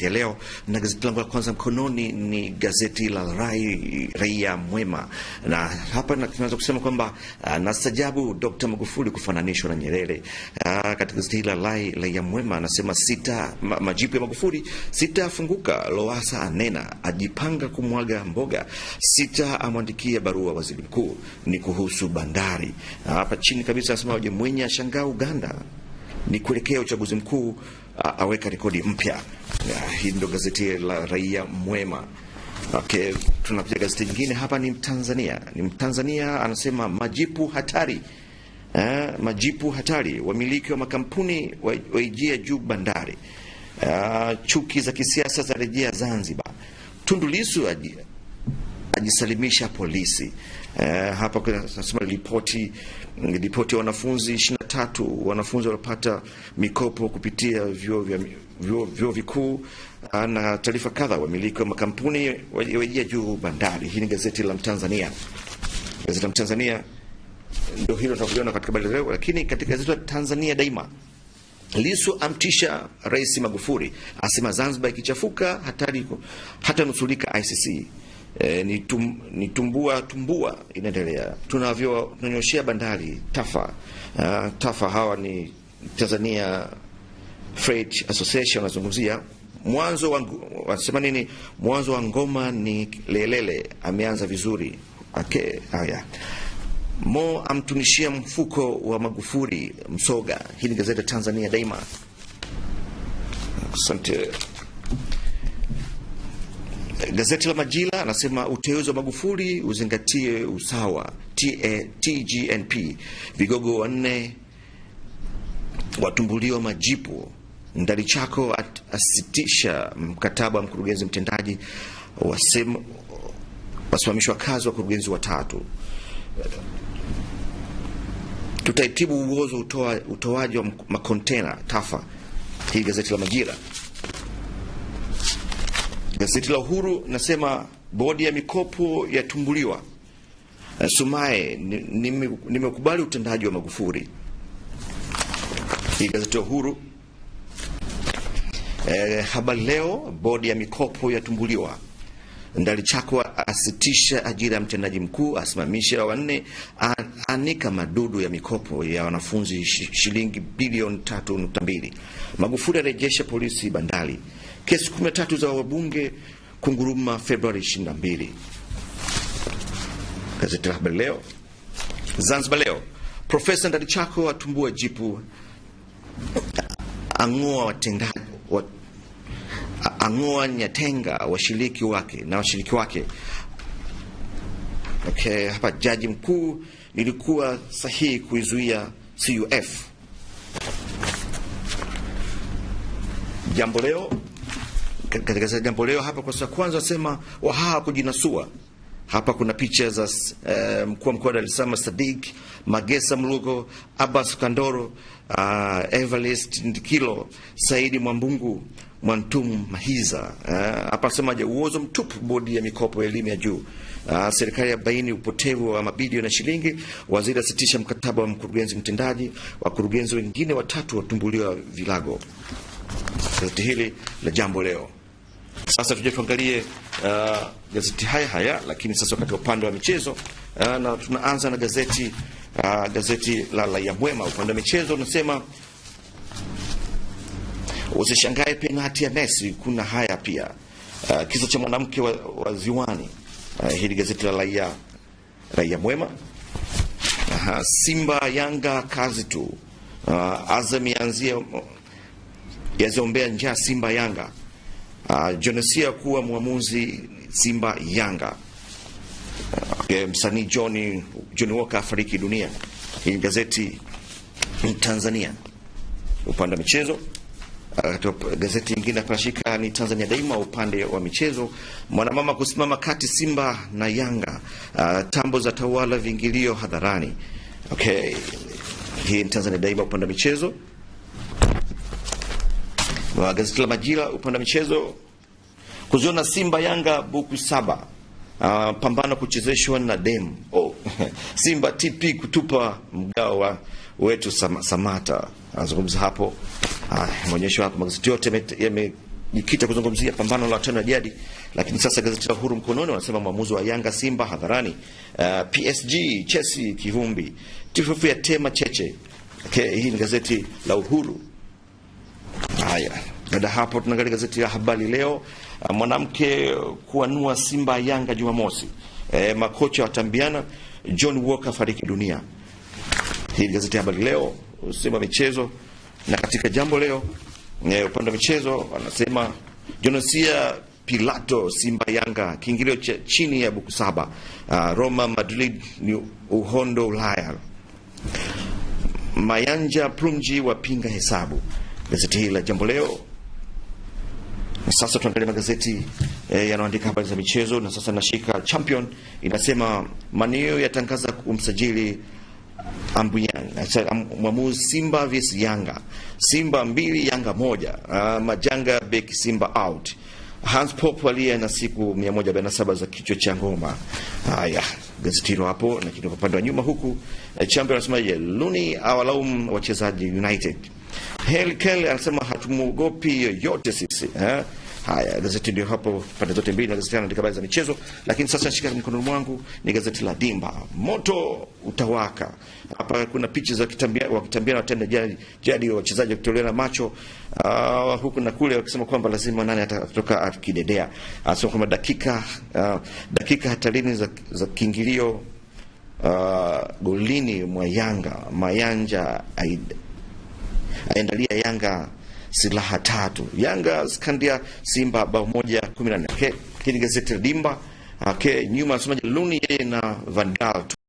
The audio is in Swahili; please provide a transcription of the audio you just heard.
magazeti ya leo, na gazeti langu la kwanza mkononi ni gazeti la Rai, Raia Mwema, na hapa tunaweza kusema kwamba ah, nastajabu Dr. Magufuli kufananishwa na Nyerere. Ah, katika gazeti hili la Rai Raia Mwema anasema sita ma, majipu ya Magufuli sitafunguka. Lowasa anena ajipanga kumwaga mboga. Sita amwandikia barua waziri mkuu, ni kuhusu bandari. Hapa chini kabisa anasema Mwenye ashangaa Uganda ni kuelekea uchaguzi mkuu aweka rekodi mpya. Hii ndio gazeti la Raia Mwema. Okay, tunapiga gazeti nyingine hapa, ni Mtanzania, ni Mtanzania anasema majipu hatari eh, majipu hatari, wamiliki wa makampuni waijia juu bandari. Uh, chuki za kisiasa za rejea Zanzibar. Tundu Lissu ajisalimisha polisi. Eh, hapa tunasema ripoti ripoti ya wanafunzi ishirini na tatu wanafunzi waliopata mikopo kupitia vyuo vikuu ah, na taarifa kadha, wamiliki wa makampuni wajia juu bandari. Hii ni gazeti la Mtanzania, gazeti la Mtanzania ndio hilo tunakuliona katika habari leo, lakini katika gazeti la Tanzania Daima, Lisu amtisha Rais Magufuli, asema Zanzibar ikichafuka hatari hatanusulika ICC E, ni, tum, ni tumbua tumbua inaendelea. Tunavyo bandari TAFA. Uh, TAFA hawa ni Tanzania Freight Association, anazungumzia mwanzo wa wasema nini, mwanzo wa ngoma ni lelele, ameanza vizuri. Okay, haya Mo amtunishia mfuko wa Magufuli msoga. Hii ni gazeti Tanzania Daima. Asante. Gazeti la Majira anasema uteuzi wa Magufuli uzingatie usawa TGNP. Vigogo wanne watumbuliwa majipu. Ndalichako asitisha mkataba wa mkurugenzi mtendaji, wasimamishwa kazi wa kurugenzi watatu. Tutaitibu uozo utoaji wa makontena TAFA. Hii gazeti la Majira. Gazeti la Uhuru nasema bodi ya mikopo yatumbuliwa. Eh, Sumaye, nimekubali utendaji wa Magufuli. Hii gazeti ya Uhuru. Eh, Habari Leo, bodi ya mikopo yatumbuliwa. Ndalichakwa asitisha ajira ya mtendaji mkuu, asimamisha wanne, anika madudu ya mikopo ya wanafunzi shilingi bilioni 3.2. Magufuli arejesha polisi bandari kesi 13 za wabunge kunguruma Februari 22. Gazeti la Habari Leo. Zanzibar Leo, Profesa Ndalichako atumbua jipu, ang'oa watendaji wat, ang'oa Nyatenga washiriki wake na washiriki wake. Okay, hapa jaji mkuu, nilikuwa sahihi kuizuia CUF. Jambo Leo katika jambo leo hapa. Kwa kwanza wasema wahaa kujinasua hapa kuna picha za uh, mkuu wa mkoa wa Dar es Salaam Sadik Magesa Mlugo, Abbas Kandoro, uh, Evarist Ndikilo, Saidi Mwambungu, mwantum Mahiza. Eh, hapa uh, sema uozo mtupu bodi ya mikopo ya elimu ya juu. Uh, serikali ya baini upotevu wa mabilioni ya shilingi. Waziri asitisha mkataba wa mkurugenzi mtendaji. Wakurugenzi wengine watatu watumbuliwa vilago. Gazeti hili la Jambo Leo. Sasa tuje tuangalie uh, gazeti haya haya, lakini sasa wa upande wa michezo uh, na tunaanza na gazeti uh, gazeti la Raia Mwema. Upande wa michezo unasema usishangae penati ya Messi. Kuna haya pia uh, kisa cha mwanamke wa, wa ziwani uh, hili gazeti la Raia Raia Mwema. uh, Simba Yanga kazi tu. Uh, Azam yaanzia yaziombea njaa Simba Yanga Uh, Jonesia kuwa mwamuzi Simba Yanga. Uh, msanii john john Walker afariki dunia. Hii gazeti ni Tanzania upande wa michezo. Uh, gazeti lingine kunashika ni Tanzania Daima upande wa michezo. Mwanamama kusimama kati Simba na Yanga. Uh, tambo za tawala viingilio hadharani. Okay, hii ni Tanzania Daima upande wa michezo wa gazeti la Majira upande wa michezo, kuziona Simba Yanga buku saba. Uh, pambano kuchezeshwa na dem oh. Simba TP kutupa mgao wa wetu sam, Samata anazungumza hapo. Uh, maonyesho hapo magazeti yote yamejikita kuzungumzia pambano la tano ya jadi, lakini sasa gazeti la Uhuru mkononi wanasema mwamuzi wa Yanga Simba hadharani. Uh, ah, PSG chesi kivumbi, tifufu ya tema cheche. Okay, hii ni gazeti la Uhuru haya. Baada ya hapo, tunaangalia gazeti ya Habari Leo, ah, mwanamke kuanua Simba Yanga Jumamosi, e, makocha watambiana, John Walker fariki dunia. Hii gazeti ya Habari Leo, usema michezo. Na katika Jambo Leo e, upande wa michezo wanasema Jonasia Pilato Simba Yanga kiingilio cha chini ya buku saba. Uh, Roma Madrid ni uhondo Ulaya. Mayanja Plumji wapinga hesabu gazeti hili la Jambo Leo. Na sasa tuangalie magazeti e, eh, yanaoandika habari za michezo, na sasa nashika Champion inasema Manio yatangaza kumsajili eh, mwamuzi Simba vs Yanga, Simba mbili Yanga moja. Uh, majanga beki Simba out. Hans Pop aliye na siku 147 za kichwa cha ngoma. Haya, gazeti hilo hapo, lakini kwa upande wa nyuma huku eh, Champion anasema Luni awalaumu wachezaji United Helkel anasema hatumuogopi yoyote sisi eh? Haya, gazeti ndio hapo, pande zote mbili, na gazeti na habari za michezo. Lakini sasa nashika mkono mwangu ni gazeti la Dimba, moto utawaka hapa. Kuna picha za kitambia wa kitambia na tena jadi jadi, wa wachezaji na macho uh, huku na kule, wakisema kwamba lazima nani atatoka akidedea. Anasema kwamba dakika uh, dakika hatarini za, za kiingilio uh, golini mwa Yanga Mayanja Aendalia Yanga silaha tatu. Yanga skandia Simba bao moja kumi na nne. Okay, hili gazeti la Dimba. Okay, ah, nyuma msomaji Luni yeye na Vandal